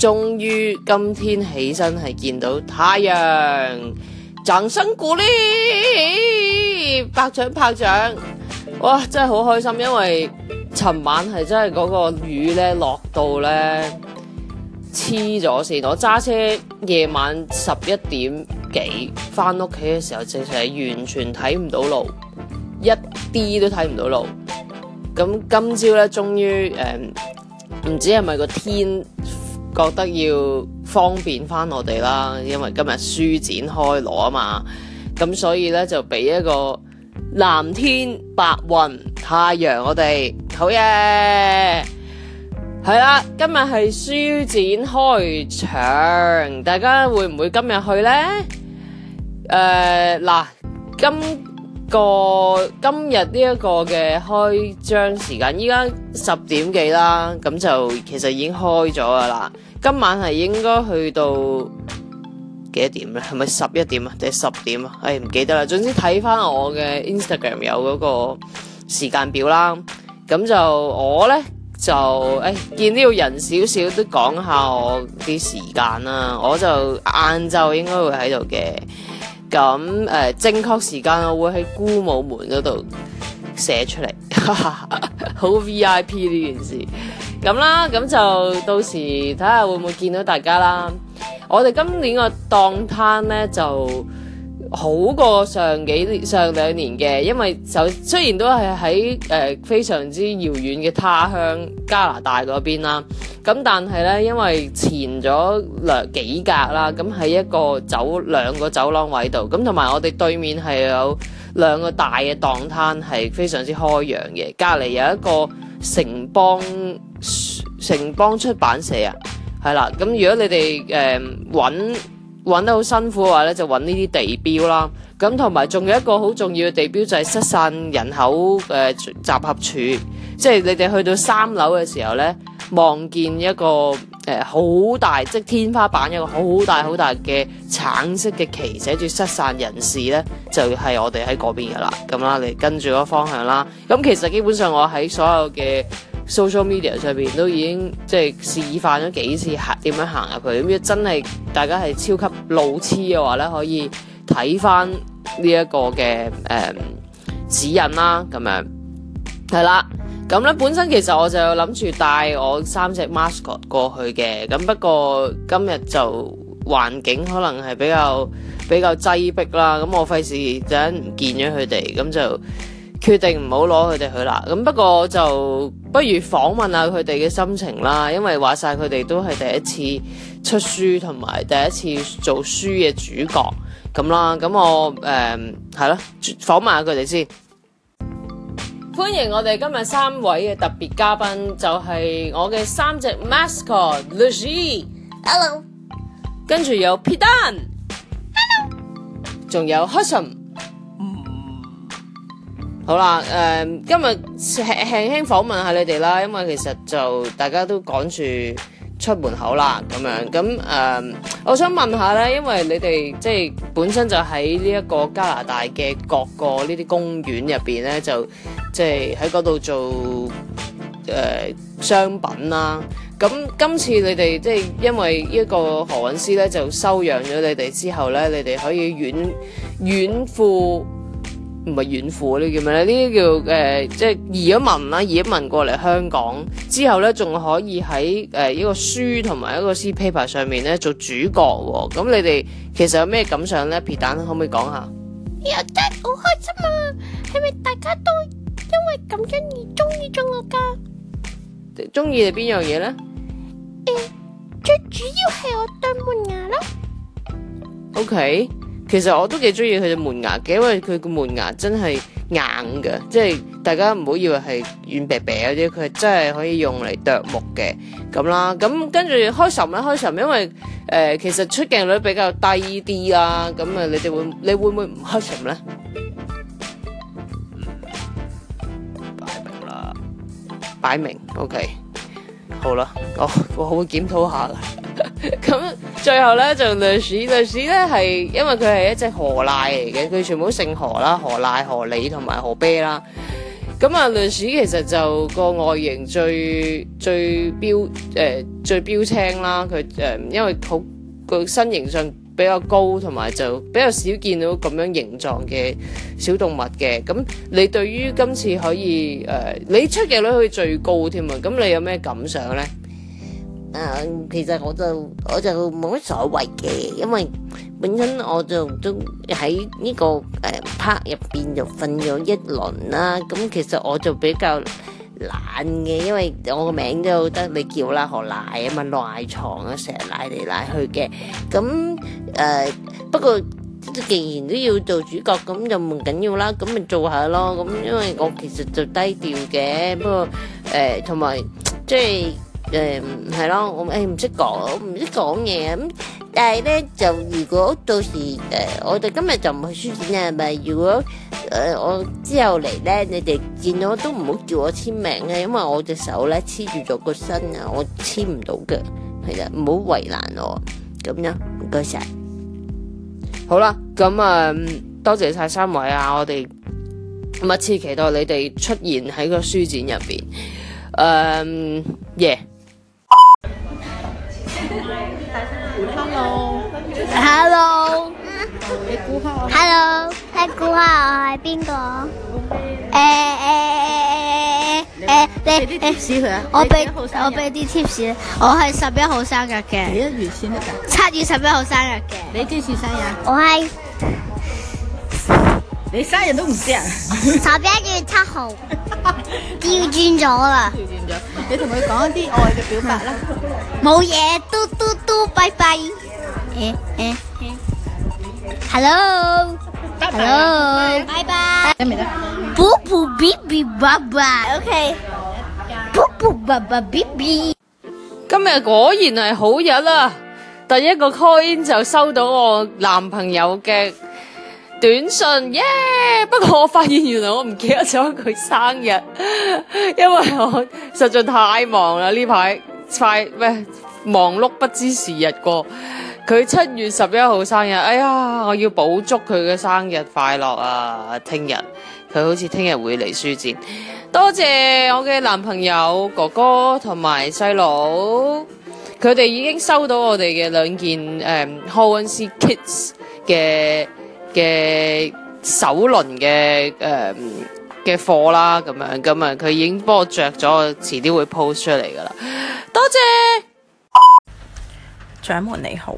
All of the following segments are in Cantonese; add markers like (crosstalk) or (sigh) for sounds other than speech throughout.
終於今天起身係見到太陽，掌聲鼓勵，拍掌拍掌，哇！真係好開心，因為尋晚係真係嗰個雨咧落到咧黐咗線，我揸車夜晚十一點幾翻屋企嘅時候，直情係完全睇唔到路，一啲都睇唔到路。咁今朝咧，終於誒唔知係咪個天。覺得要方便返我哋啦，因為今日書展開鑼啊嘛，咁所以呢，就俾一個藍天白雲太陽我哋，好嘢！係啦，今日係書展開場，大家會唔會今日去呢？誒、呃、嗱，今個今日呢一個嘅開張時間，依家十點幾啦，咁就其實已經開咗噶啦。今晚係應該去到幾多點咧？係咪十一點啊？定十點啊？誒、哎，唔記得啦。總之睇翻我嘅 Instagram 有嗰個時間表啦。咁就我呢，就誒、哎、見呢度人少少都講下我啲時間啦。我就晏晝應該會喺度嘅。咁誒、呃，正確時間我會喺菇武門嗰度寫出嚟，好 (laughs) V I P 呢件事。咁 (laughs) 啦，咁就到時睇下會唔會見到大家啦。我哋今年個檔攤咧就～好過上幾上兩年嘅，因為就雖然都係喺誒非常之遙遠嘅他鄉加拿大嗰邊啦，咁但係呢，因為前咗兩幾格啦，咁喺一個走兩個走廊位度，咁同埋我哋對面係有兩個大嘅檔攤係非常之開揚嘅，隔離有一個城邦城邦出版社啊，係啦，咁如果你哋誒揾，呃揾得好辛苦嘅話呢就揾呢啲地標啦。咁同埋仲有一個好重要嘅地標就係、是、失散人口嘅、呃、集合處，即係你哋去到三樓嘅時候呢望見一個誒好、呃、大，即天花板一個好大好大嘅橙色嘅旗，寫住失散人士呢就係、是、我哋喺嗰邊噶啦。咁啦，你跟住個方向啦。咁其實基本上我喺所有嘅。social media 上邊都已經即係示範咗幾次行點樣行入去咁，如果真係大家係超級路痴嘅話呢可以睇翻呢一個嘅、嗯、指引啦，咁樣係啦。咁呢本身其實我就諗住帶我三隻 mascot 過去嘅，咁不過今日就環境可能係比較比較擠迫啦，咁我費事等唔見咗佢哋，咁就。決定唔好攞佢哋去啦。咁不過就不如訪問下佢哋嘅心情啦，因為話晒佢哋都係第一次出書同埋第一次做書嘅主角咁啦。咁我誒、係咯，訪問下佢哋先。歡迎我哋今日三位嘅特別嘉賓，就係我嘅三隻 mascot Legee hello，跟住有 Pidan，hello，仲有 Hoisum。好啦，誒、嗯，今日輕輕訪問下你哋啦，因為其實就大家都趕住出門口啦，咁樣，咁、嗯、誒，我想問下呢，因為你哋即係本身就喺呢一個加拿大嘅各個呢啲公園入邊呢，就即係喺嗰度做誒、呃、商品啦。咁今次你哋即係因為呢個何韻詩呢，就收養咗你哋之後呢，你哋可以遠遠赴。唔係遠赴，嗰啲叫咩咧？呢啲叫誒，即係移咗民啦，移咗民過嚟香港之後咧，仲可以喺誒呢個書同埋一個 C paper 上面咧做主角。咁你哋其實有咩感想咧？皮蛋可唔可以講下？又真係好開心啊！係咪大家都因為咁樣而中意咗我噶？中意係邊樣嘢咧？誒，最主要係我對門牙啦。O K。其實我都幾中意佢隻門牙嘅，因為佢個門牙真係硬噶，即係大家唔好以為係軟白白嗰啲，佢係真係可以用嚟啄木嘅咁啦。咁跟住開心咧，開心，因為誒其實出鏡率比較低啲啊。咁啊，你哋會你會唔會唔開心咧？嗯，擺明啦，擺明，OK，好啦，哦，我會檢討下啦，咁。最後咧就律、是、鼠。律師咧係因為佢係一隻河瀨嚟嘅，佢全部姓河啦，河瀨、河狸同埋河啤啦。咁啊，律師其實就個外形最最標誒、呃、最標青啦。佢誒、呃、因為好個身形上比較高，同埋就比較少見到咁樣形狀嘅小動物嘅。咁你對於今次可以誒、呃、你出鏡率可以最高添啊？咁你有咩感想呢？誒，其實我就我就冇乜所謂嘅，因為本身我就都喺呢個誒 part 入邊就瞓咗一輪啦。咁其實我就比較懶嘅，因為我個名都好得你叫啦，何賴啊嘛，賴床啊，成日賴嚟賴去嘅。咁誒，不過既然都要做主角，咁就唔緊要啦。咁咪做下咯。咁因為我其實就低調嘅，不過誒同埋即係。誒，係咯、嗯，我誒唔識講，唔識講嘢咁。但係咧，就如果到時誒、呃，我哋今日就唔去書展啊，咪如果誒、呃、我之後嚟咧，你哋見到都唔好叫我簽名啊，因為我隻手咧黐住咗個身啊，我黐唔到嘅。係啦，唔好為難我。咁樣唔該晒。謝謝，好啦，咁、嗯、啊，多謝晒三位啊，我哋咁密切期待你哋出現喺個書展入邊。誒、嗯、耶、yeah.！hello hello 你估下我 o 一古係邊個？誒誒誒誒誒誒誒誒，你我俾我俾啲提示，我係十一號生日嘅。幾月先得噶？七月十一號生日嘅。你幾時生日？我係你生日都唔知啊！十一月七號，調轉咗啦。調轉咗，你同佢講一啲愛嘅表白啦。冇嘢，嘟嘟嘟，拜拜。誒誒，Hello，Hello，拜拜。得未得？B B B B B B。O K。B B B B B B。今日果然係好日啦！第一個 call in 就收到我男朋友嘅短信耶。不過我發現原來我唔記得咗佢生日，因為我實在太忙啦。呢排快咩忙碌不知時日過。佢七月十一號生日，哎呀，我要補祝佢嘅生日快樂啊！聽日佢好似聽日會嚟書展，多謝我嘅男朋友哥哥同埋細佬，佢哋已經收到我哋嘅兩件誒、嗯，Hans Kids 嘅嘅首輪嘅誒嘅貨啦，咁樣咁啊，佢已經幫我着咗，遲啲會 post 出嚟噶啦，多謝。掌門你好，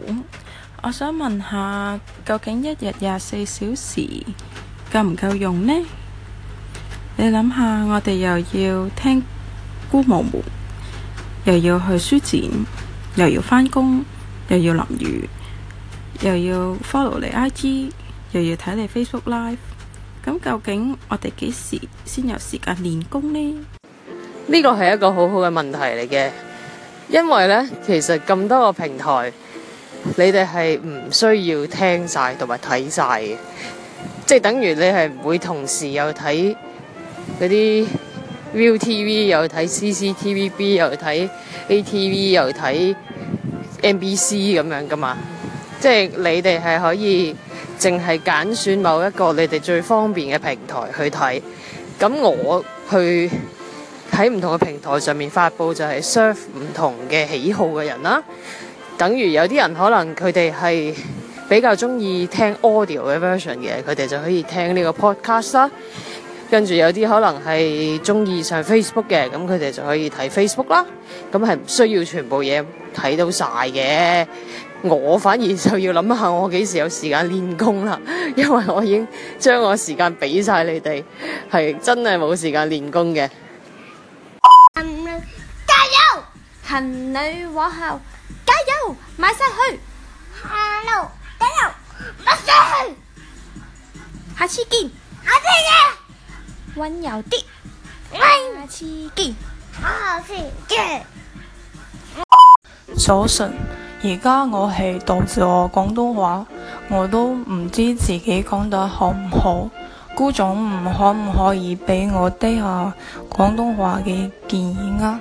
我想問下，究竟一日廿四小時夠唔夠用呢？你諗下，我哋又要聽菇武門，又要去書展，又要返工，又要淋雨，又要 follow 你 IG，又要睇你 Facebook Live，咁究竟我哋幾時先有時間練功呢？呢個係一個好好嘅問題嚟嘅。因為呢，其實咁多個平台，你哋係唔需要聽晒同埋睇晒嘅，即係等於你係唔會同時又睇嗰啲 ViuTV，又睇 CCTVB，又睇 ATV，又睇 MBC 咁樣噶嘛。即係你哋係可以淨係揀選某一個你哋最方便嘅平台去睇，咁我去，喺唔同嘅平台上面發布，就係 serve 唔同嘅喜好嘅人啦。等於有啲人可能佢哋係比較中意聽 audio 嘅 version 嘅，佢哋就可以聽呢個 podcast 啦。跟住有啲可能係中意上 Facebook 嘅，咁佢哋就可以睇 Facebook 啦。咁係唔需要全部嘢睇到晒嘅。我反而就要諗下，我幾時有時間練功啦？因為我已經將我時間俾晒你哋，係真係冇時間練功嘅。勤女往後加油，買晒去 Hello，加油買晒去，下次見，下次見，溫柔啲，喂，下次見，下次見。早晨，而家我係度做廣東話，我都唔知自己講得好唔好，姑丈可唔可以俾我低下廣東話嘅建議啊？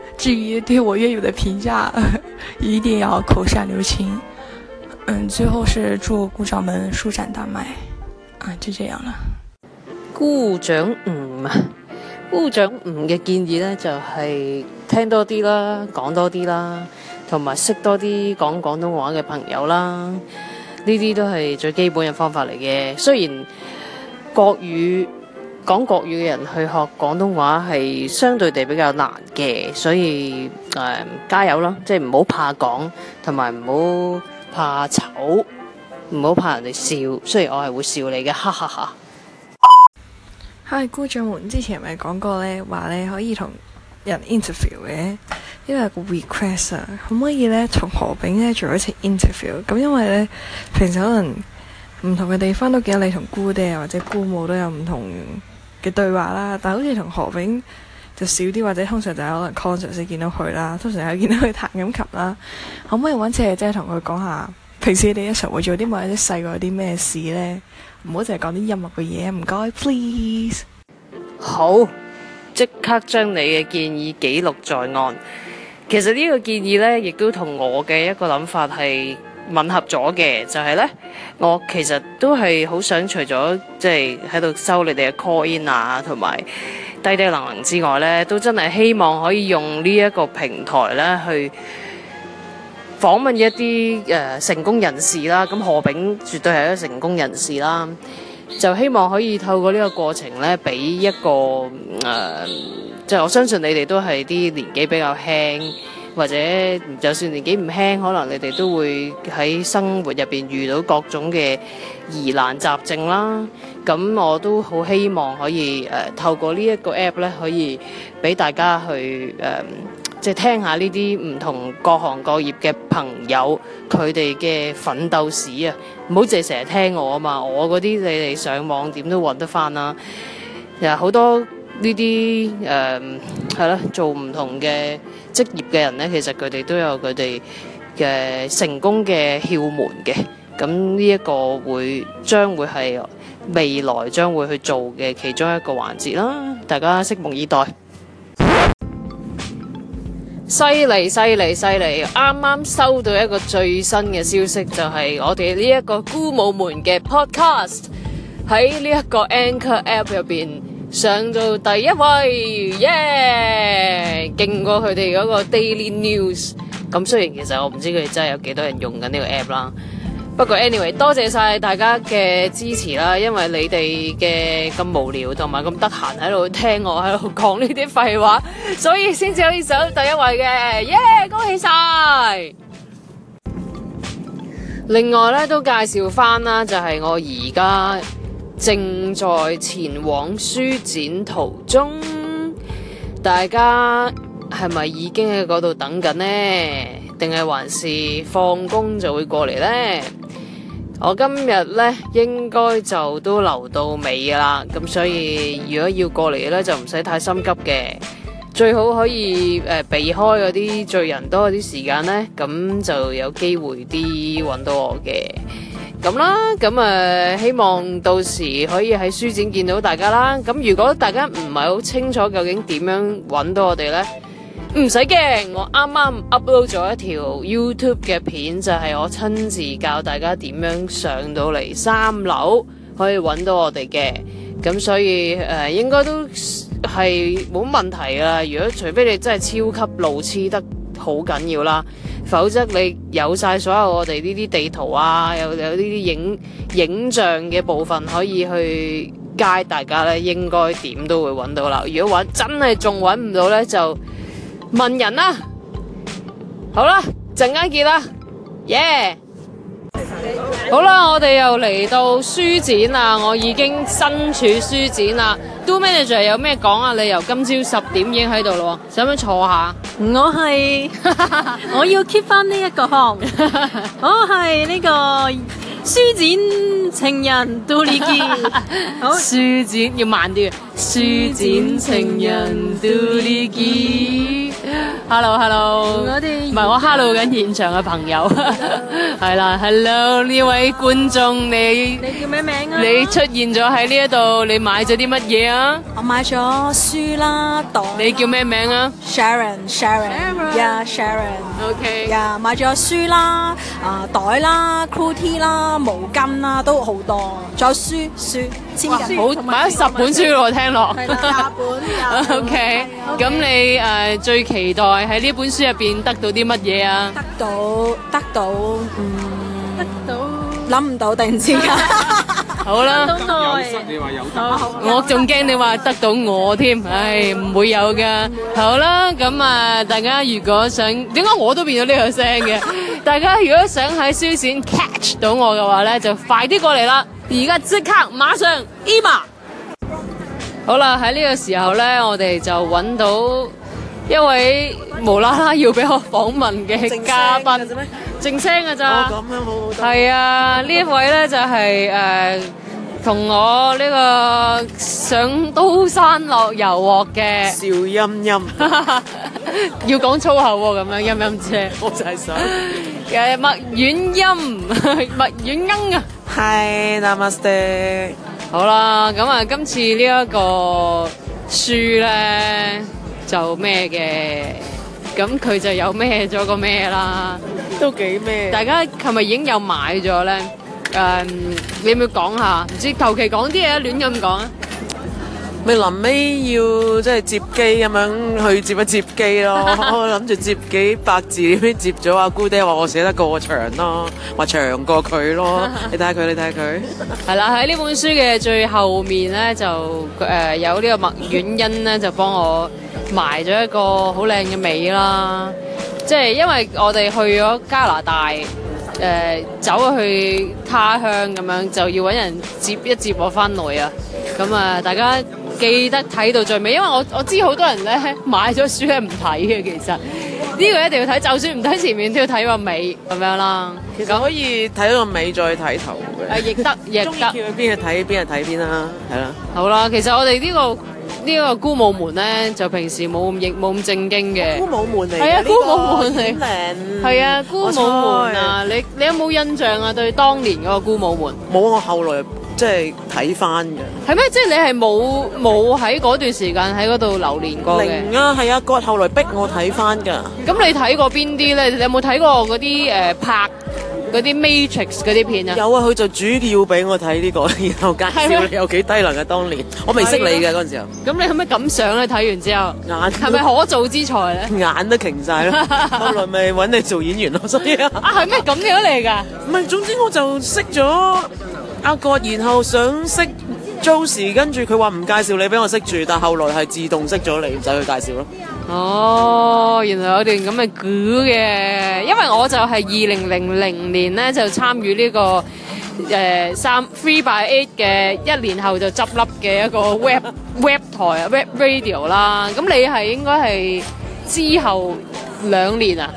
至於對我粵語的評價， (laughs) 一定要口下留情。嗯，最後是祝菇掌門書展大賣。啊，就這樣啦。菇掌門，菇掌門嘅建議呢，就係、是、聽多啲啦，講多啲啦，同埋識多啲講廣東話嘅朋友啦，呢啲都係最基本嘅方法嚟嘅。雖然國語，講國語嘅人去學廣東話係相對地比較難嘅，所以誒、呃、加油咯，即係唔好怕講，同埋唔好怕醜，唔好怕人哋笑。雖然我係會笑你嘅，哈哈哈 Hi，姑丈們，之前咪講過呢話你可以同人 interview 嘅，因為個 request 啊，可唔可以呢？同何丙呢？做一次 interview？咁因為呢，平時可能唔同嘅地方都見到你同姑爹或者姑母都有唔同。嘅對話啦，但好似同何丙就少啲，或者通常就係可能 concert 先見到佢啦。通常有見到佢彈琴啦。可唔可以揾謝姐同佢講下，平時你哋一齊會做啲冇喺啲細個啲咩事呢？唔好淨係講啲音樂嘅嘢啊！唔該，please。好，即刻將你嘅建議記錄在案。其實呢個建議呢，亦都同我嘅一個諗法係。吻合咗嘅就係呢。我其實都係好想除咗即係喺度收你哋嘅 call in 啊，同埋低低能能之外呢都真係希望可以用呢一個平台呢去訪問一啲誒成功人士啦。咁何炳絕對係一個成功人士啦，就希望可以透過呢個過程呢，俾一個誒，即係我相信你哋都係啲年紀比較輕。或者就算年紀唔輕，可能你哋都會喺生活入邊遇到各種嘅疑難雜症啦。咁我都好希望可以誒，透過呢一個 app 咧，可以俾大家去誒，即係聽下呢啲唔同各行各業嘅朋友佢哋嘅奮鬥史啊。唔好淨係成日聽我啊嘛，我嗰啲你哋上網點都揾得翻啦。其實好多。呢啲誒係啦，做唔同嘅職業嘅人呢，其實佢哋都有佢哋嘅成功嘅竅門嘅。咁呢一個會將會係未來將會去做嘅其中一個環節啦。大家拭目以待。犀利犀利犀利！啱啱收到一個最新嘅消息，就係我哋呢一個菇武門嘅 Podcast 喺呢一個 Anchor App 入邊。上到第一位，耶！勁過佢哋嗰個 Daily News。咁雖然其實我唔知佢哋真係有幾多人用緊呢個 app 啦。不過 anyway，多謝晒大家嘅支持啦，因為你哋嘅咁無聊同埋咁得閒喺度聽我喺度講呢啲廢話，所以先至可以上到第一位嘅，耶！恭喜晒！另外咧都介紹翻啦，就係我而家。正在前往書展途中，大家係咪已經喺嗰度等緊呢？定係還是放工就會過嚟呢？我今日呢應該就都留到尾㗎喇，咁所以如果要過嚟咧，就唔使太心急嘅，最好可以、呃、避開嗰啲最人多啲時間呢，咁就有機會啲搵到我嘅。咁啦，咁誒、啊，希望到時可以喺書展見到大家啦。咁如果大家唔係好清楚究竟點樣揾到我哋咧，唔使驚，我啱啱 upload 咗一條 YouTube 嘅片，就係、是、我親自教大家點樣上到嚟三樓可以揾到我哋嘅。咁所以誒、呃、應該都係冇問題噶啦。如果除非你真係超級路痴得。好緊要啦，否則你有曬所有我哋呢啲地圖啊，有有呢啲影影像嘅部分可以去 guide 大家咧，應該點都會揾到啦。如果揾真係仲揾唔到咧，就問人啦。好啦，陣間見啦，耶！好啦，我哋又嚟到書展啦，我已經身處書展啦。Do manager 有咩講啊？你由今朝十點已經喺度咯，想唔想坐下？我係是， (laughs) 我要 keep 翻呢一個項。 (laughs) 我係呢個書展情人杜麗娟。 (laughs) 好，書展要慢啲嘅。書展情人 d 杜麗娟。Hello，Hello，唔係我 Hello 緊現場嘅朋友，係啦，Hello 呢位觀眾，你你叫咩名啊？你出現咗喺呢一度，你買咗啲乜嘢啊？我買咗書啦，袋。你叫咩名啊？Sharon，Sharon，Yeah，Sharon，OK，呀，買咗書啦，啊，袋啦，Cruity 啦，毛巾啦，都好多，仲有書，書。哇！好買咗十本書俾我聽落，OK。咁你誒最期待喺呢本書入邊得到啲乜嘢啊？得到，得到，得到，諗唔到定唔知嘅。好啦，有失你話有得，我仲驚你話得到我添，唉，唔會有噶。好啦，咁啊，大家如果想點解我都變咗呢個聲嘅？大家如果想喺書展 catch 到我嘅話咧，就快啲過嚟啦！而家即刻，馬上，Emma。好啦，喺呢個時候呢，我哋就搵到一位無啦啦要俾我訪問嘅嘉賓，靜聲㗎咋？哦，係啊，呢一位呢，就係、是、誒。Uh, 同我呢個上刀山落油鑊嘅，笑陰陰，要講粗口喎，咁樣陰陰聲，喝晒水，嘅麥丸欣，麥丸欣啊，Hi Namaste，好啦，咁啊，今次呢一個書咧就咩嘅，咁佢就有咩咗個咩啦，都幾咩，大家琴日已經有買咗咧。誒，um, 你唔要講下，唔知求其講啲嘢啦，亂咁講啊！咪臨尾要即係接機咁樣去接一接機咯，諗住 (laughs) 接幾百字，點知接咗阿姑爹話我寫得過長咯，話長過佢咯，你睇下佢，你睇下佢。係 (laughs) 啦，喺呢本書嘅最後面咧，就誒、呃、有個呢個麥婉欣咧就幫我埋咗一個好靚嘅尾啦，即係因為我哋去咗加拿大。誒，走咗去他鄉咁樣就要搵人接一接我翻來啊！咁啊，大家記得睇到最尾，因為我我知好多人咧買咗書係唔睇嘅，其實呢個一定要睇，就算唔睇前面都要睇個尾咁樣啦。樣其實可以睇到個尾再睇頭嘅。啊，亦得亦得，叫佢跳去邊啊睇邊啊睇邊啦，係啦。好啦，其實我哋呢個。個呢個姑母們咧，就平時冇咁嚴，冇咁正經嘅。姑、哦、母們嚟，係啊，姑、這個、母們嚟。靚。係啊，姑母們啊，猜你你有冇印象啊？對當年嗰個姑母們。冇，我後來即係睇翻嘅。係咩？即係你係冇冇喺嗰段時間喺嗰度流連過啊，係啊，哥，後來逼我睇翻㗎。咁你睇過邊啲咧？你有冇睇過嗰啲誒拍？嗰啲 Matrix 嗰啲片啊，有啊，佢就主要俾我睇呢、這個，然後介紹你有幾低能嘅當年，嗎我未識你嘅嗰陣時候。咁你有咩感想咧？睇完之後，眼係都咪可造之才？咧？眼都鈍晒啦，後來咪搵你做演員咯，所以啊，係咩咁樣嚟㗎？唔係，總之我就識咗阿郭，然後想識。做時跟住佢話唔介紹你俾我識住，但後來係自動識咗你，唔使佢介紹咯。哦，原來有段咁嘅故嘅，因為我就係二零零零年咧就參與呢個誒三 free by eight 嘅，一年後就執笠嘅一個 web web 台啊 web radio 啦。咁你係應該係之後兩年啊？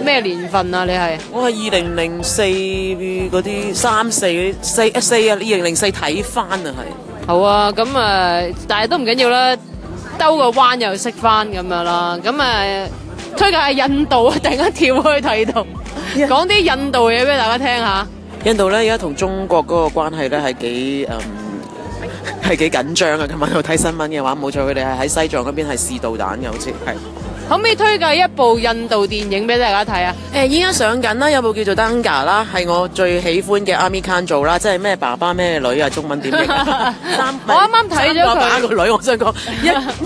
咩年份啊？你係我係二零零四嗰啲三四四一四啊，二零零四睇翻啊係。好啊，咁啊，但係都唔緊要啦，兜個彎又識翻咁樣啦，咁啊，推介係印度啊，突然間跳開去睇到，講啲印度嘢俾大家聽下。印度咧，而家同中國嗰個關係咧係幾誒，係幾緊張啊！今晚有睇新聞嘅話，冇錯，佢哋係喺西藏嗰邊係試導彈嘅，好似係。可唔可以推介一部印度電影俾大家睇啊？誒依家上緊啦，有部叫做《Danga》啦，係我最喜歡嘅 Aamir Khan 做啦，即係咩爸爸咩女啊，中文點譯，啊？ (laughs) 我啱啱睇咗爸，爸三個女，我想講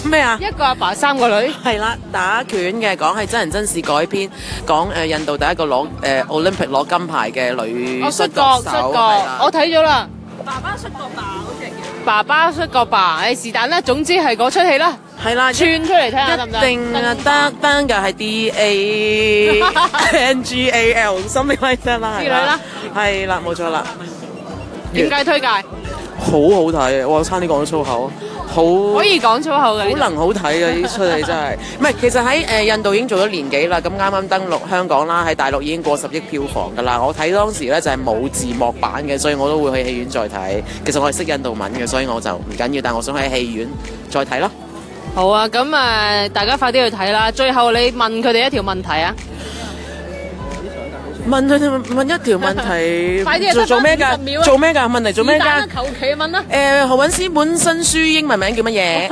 一咩啊？一個阿爸三個女。係啦，打拳嘅，講係真人真事改編，講誒、呃、印度第一個攞誒 Olympic 攞金牌嘅女我摔角國手。國了我睇咗啦，《爸爸摔角爸，爸》好似叫。爸爸摔角爸，爸，誒是但啦，總之係嗰出戲啦。係啦，串出嚟睇下得唔得？定啊，Dan，Daniel 係 D A N G A L，something like that 啦。之類啦，係啦，冇錯啦。點解推介？好好睇，我差啲講咗粗口。好可以講粗口嘅。好能好睇嘅呢出戲真係。唔係，其實喺誒印度已經做咗年幾啦，咁啱啱登陸香港啦，喺大陸已經過十億票房噶啦。我睇當時咧就係冇字幕版嘅，所以我都會去戲院再睇。其實我係識印度文嘅，所以我就唔緊要，但係我想喺戲院再睇咯。好啊，咁啊，大家快啲去睇啦！最後你問佢哋一條問題啊？問佢哋問問一條問題，快啲啊！做咩噶？做咩噶？問嚟做咩噶？求其問啦！誒，何韻詩本新書英文名叫乜嘢？點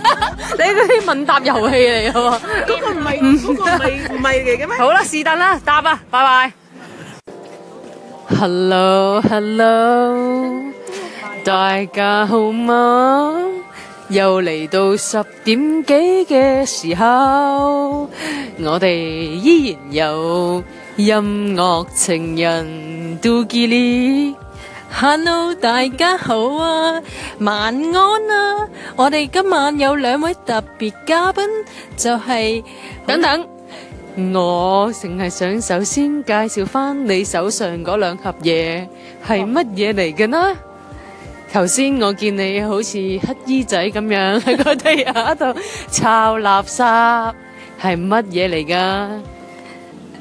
啊？你嗰啲問答遊戲嚟嘅喎。嗰個唔係嗰個唔係唔係嚟嘅咩？好啦，是但啦，答啊，拜拜。Hello，Hello，大家好嗎？又嚟到十點幾嘅時候，我哋依然有音樂情人 Doogee l e e Hello，大家好啊，晚安啊！我哋今晚有兩位特別嘉賓，就係、是、等等。我淨係想首先介紹翻你手上嗰兩盒嘢係乜嘢嚟嘅呢？頭先我見你好似乞衣仔咁樣喺個 (laughs) 地下度抄垃圾，係乜嘢嚟噶？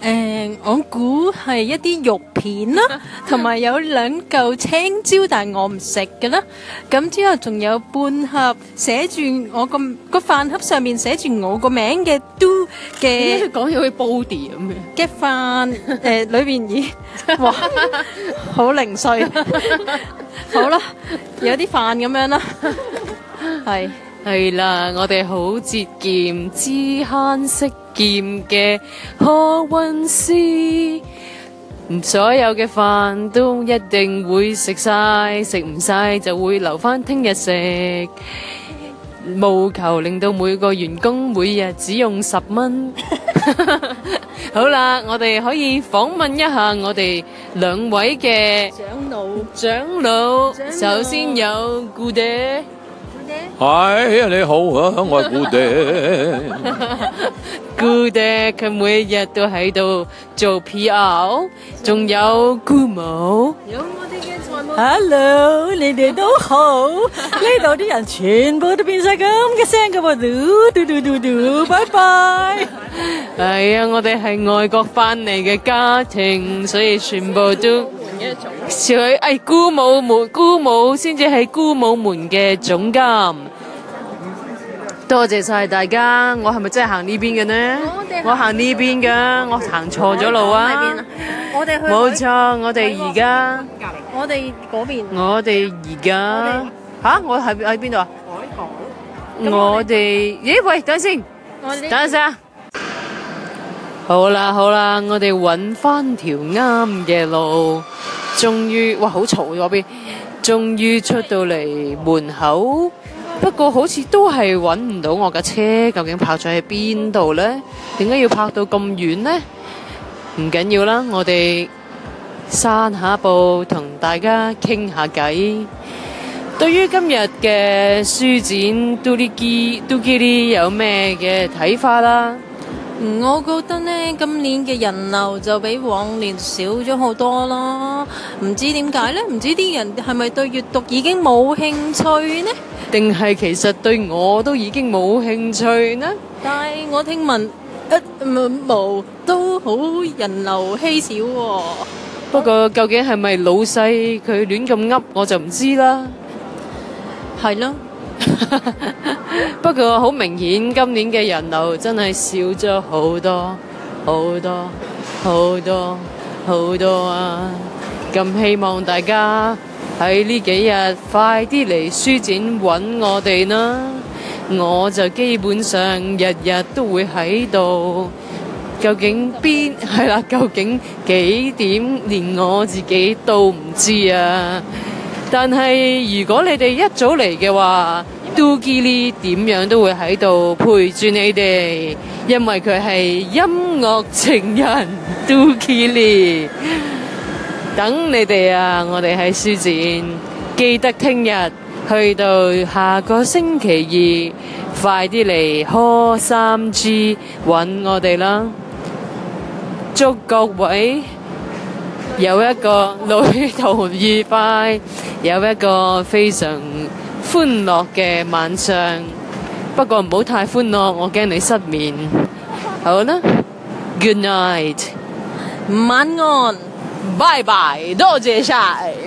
誒，我估係一啲肉片啦，同埋有兩嚿青椒，但係我唔食嘅啦。咁之後仲有半盒寫住我個個飯盒上面寫住我個名嘅都嘅。講嘢好似 body 咁樣嘅。嘅飯誒裏邊咦哇，好零碎。好啦，有啲飯咁樣啦。係係啦，我哋好節儉，知慳識。劍嘅何韻詩，所有嘅飯都一定會食晒，食唔晒就會留翻聽日食，務求令到每個員工每日只用十蚊。 (laughs) (laughs) 好啦，我哋可以訪問一下我哋兩位嘅長老。長老，長老首先有古爹。Good 係啊，你好啊，我係姑爹。姑爹佢每日都喺度做 PR，仲有姑母。有冇啲嘢做？Hello，你哋都好。呢度啲人全部都變晒咁嘅聲噶喎，嘟嘟嘟嘟，拜拜。係啊，我哋係外國翻嚟嘅家庭，所以全部都。小女，哎菇武門，姑母先至係菇武門嘅總監。多謝晒大家，我係咪真係行呢邊嘅呢？我行呢邊噶，我行錯咗路啊！我哋冇錯，我哋而家我哋嗰邊，我哋而家吓，我喺喺邊度啊？海港，我哋咦？喂，等陣先，等陣先。好啦好啦，我哋揾返條啱嘅路，終於哇好嘈嘅嗰邊，終於出到嚟門口。不過好似都係揾唔到我架車，究竟泊咗喺邊度呢？點解要泊到咁遠呢？唔緊要啦，我哋散下步，同大家傾下偈。對於今日嘅書展，嘟哩嘟哩有咩嘅睇法啦？我覺得呢，今年嘅人流就比往年少咗好多咯。唔知點解呢？唔知啲人係咪對閱讀已經冇興趣呢？定係其實對我都已經冇興趣呢？但係我聽聞，誒唔冇都好人流稀少啊。不過究竟係咪老細佢亂咁噏，我就唔知啦。係咯。 (laughs) 不過好明顯，今年嘅人流真係少咗好多好多好多好多啊！咁希望大家喺呢幾日快啲嚟書展揾我哋啦！我就基本上日日都會喺度。究竟邊係啦？究竟幾點？連我自己都唔知啊！但係如果你哋一早嚟嘅話，杜基利點樣都會喺度陪住你哋，因為佢係音樂情人杜基利。 (laughs) 等你哋啊，我哋喺書展，記得聽日去到下個星期二，快啲嚟 Hall 3G 揾我哋啦，祝各位。有一個旅途愉快，有一個非常歡樂嘅晚上。不過唔好太歡樂，我驚你失眠。好啦，Good night，晚安，拜拜，多謝晒。